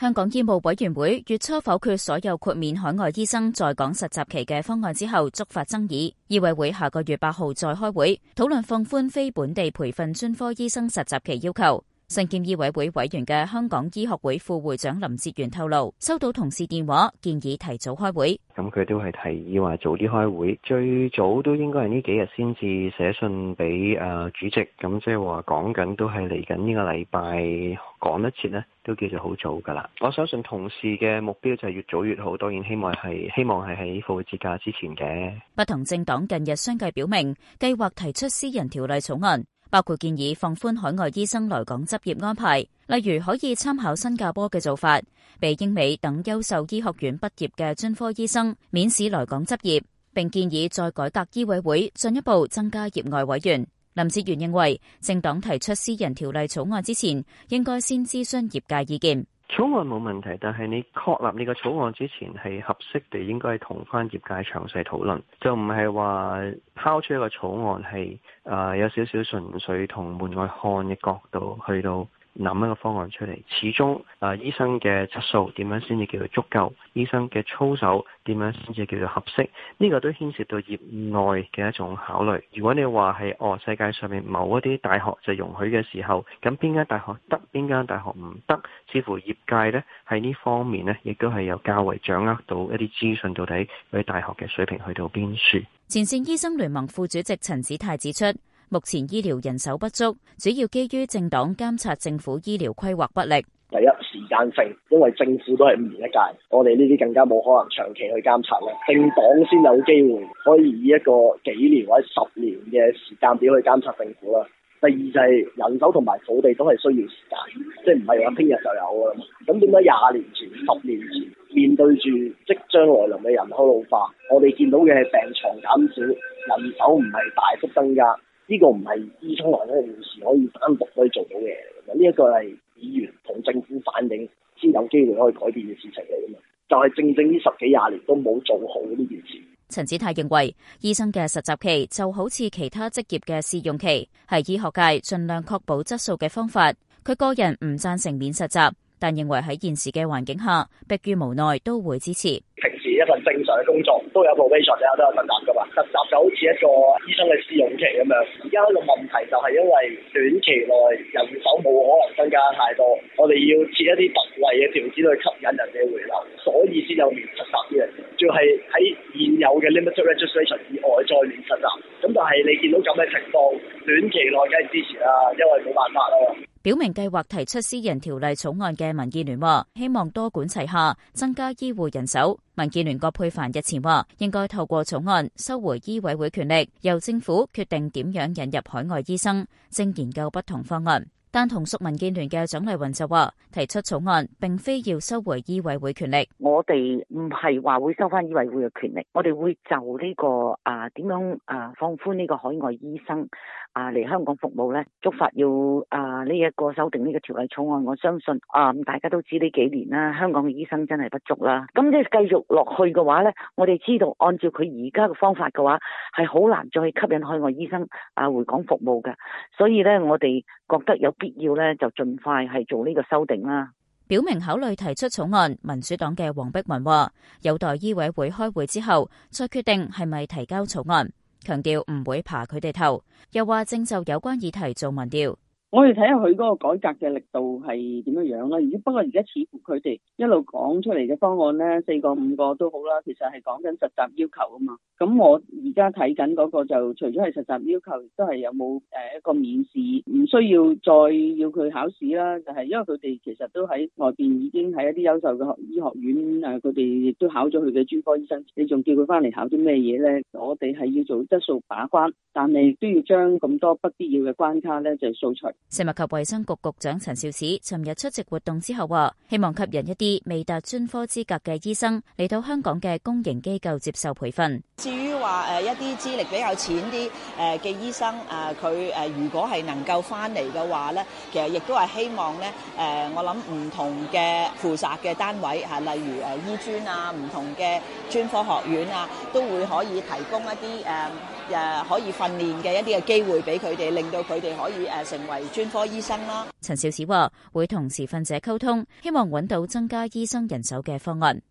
香港醫務委員會月初否決所有豁免海外醫生在港實習期嘅方案之後，觸發爭議。醫委會下個月八號再開會討論放寬非本地培訓專科醫生實習期要求。身兼醫委會委員嘅香港醫學會副會長林哲源透露，收到同事電話建議提早開會，咁佢都係提議話早啲開會，最早都應該係呢幾日先至寫信俾誒主席，咁即係話講緊都係嚟緊呢個禮拜講得切呢都叫做好早噶啦。我相信同事嘅目標就係越早越好，當然希望係希望係喺復活節假之前嘅。不同政黨近日相繼表明，計劃提出私人條例草案。包括建議放寬海外醫生來港執業安排，例如可以參考新加坡嘅做法，俾英美等優秀醫學院畢業嘅專科醫生免試來港執業，並建議再改革醫委會，進一步增加業外委員。林志源認為，政黨提出私人條例草案之前，應該先諮詢業界意見。草案冇問題，但係你確立呢個草案之前，係合適地應該係同返業界詳細討論，就唔係話拋出一個草案係啊、呃、有少少純粹同門外漢嘅角度去到。諗一個方案出嚟，始終誒醫生嘅質素點樣先至叫做足夠，醫生嘅操守點樣先至叫做合適，呢個都牽涉到業內嘅一種考慮。如果你話係哦世界上面某一啲大學就容許嘅時候，咁邊間大學得，邊間大學唔得，似乎業界呢喺呢方面呢，亦都係有較為掌握到一啲資訊，到底嗰啲大學嘅水平去到邊處。前線醫生聯盟副主席陳子泰指出。目前醫療人手不足，主要基於政黨監察政府醫療規劃不力。第一，時間性，因為政府都係五年一屆，我哋呢啲更加冇可能長期去監察啦。政黨先有機會可以以一個幾年或者十年嘅時間表去監察政府啦。第二就係人手同埋土地都係需要時間，即係唔係話聽日就有㗎。咁點解廿年前、十年前面對住即將來臨嘅人口老化，我哋見到嘅係病床減少，人手唔係大幅增加。呢個唔係醫生或者護士可以單獨可以做到嘅，呢一個係議員同政府反映先有機會可以改變嘅事情嚟㗎嘛。就係正正呢十幾廿年都冇做好呢件事。陳子泰認為，醫生嘅實習期就好似其他職業嘅試用期，係醫學界盡量確保質素嘅方法。佢個人唔贊成免實習，但認為喺現時嘅環境下，迫於無奈都會支持。一份正常嘅工作都有個 vacation 啦，都有實習噶嘛。實習就好似一個醫生嘅試用期咁樣。而家一個問題就係因為短期內人手冇可能增加太多，我哋要設一啲特惠嘅條件去吸引人嘅回流，所以先有面實習嘅。仲係喺現有嘅 l i m i t registration 以外再面實習。咁但係你見到咁嘅情況，短期內梗係支持啦，因為冇辦法啦。表明計劃提出私人條例草案嘅民建聯話，希望多管齊下，增加醫護人手。民建聯葛珮帆日前話，應該透過草案收回醫委會權力，由政府決定點樣引入海外醫生，正研究不同方案。但同屬民建聯嘅蔣麗芸就話，提出草案並非要收回醫委會權力，我哋唔係話會收翻醫委會嘅權力，我哋會就呢個啊點樣啊放寬呢個海外醫生。啊！嚟香港服務咧，觸發要啊呢一、這個修訂呢、這個條例草案。我相信啊，大家都知呢幾年啦，香港嘅醫生真係不足啦。咁、嗯、即係繼續落去嘅話咧，我哋知道按照佢而家嘅方法嘅話，係好難再去吸引海外醫生啊回港服務嘅。所以咧，我哋覺得有必要咧，就儘快係做呢個修訂啦。表明考慮提出草案，民主黨嘅黃碧雲話：有待醫委會開會之後，再決定係咪提交草案。強調唔會爬佢哋頭，又話正就有關議題做民調。我哋睇下佢嗰個改革嘅力度係點樣樣啦。而家不過而家似乎佢哋一路講出嚟嘅方案咧，四個五個都好啦。其實係講緊實習要求啊嘛。咁我而家睇緊嗰個就除咗係實習要求，亦都係有冇誒一個面試，唔需要再要佢考試啦。就係、是、因為佢哋其實都喺外邊已經喺一啲優秀嘅學醫學院啊，佢哋亦都考咗佢嘅專科醫生。你仲叫佢返嚟考啲咩嘢咧？我哋係要做質素把關，但係都要將咁多不必要嘅關卡咧就掃除。食物及衛生局局長陳肇始尋日出席活動之後話，希望吸引一啲未達專科資格嘅醫生嚟到香港嘅公營機構接受培訓。話誒一啲資歷比較淺啲誒嘅醫生啊，佢誒如果係能夠翻嚟嘅話咧，其實亦都係希望咧誒、啊，我諗唔同嘅負責嘅單位嚇、啊，例如誒醫專啊，唔同嘅專科學院啊，都會可以提供一啲誒誒可以訓練嘅一啲嘅機會俾佢哋，令到佢哋可以誒、啊、成為專科醫生啦。陳肇始話會同時份者溝通，希望揾到增加醫生人手嘅方案。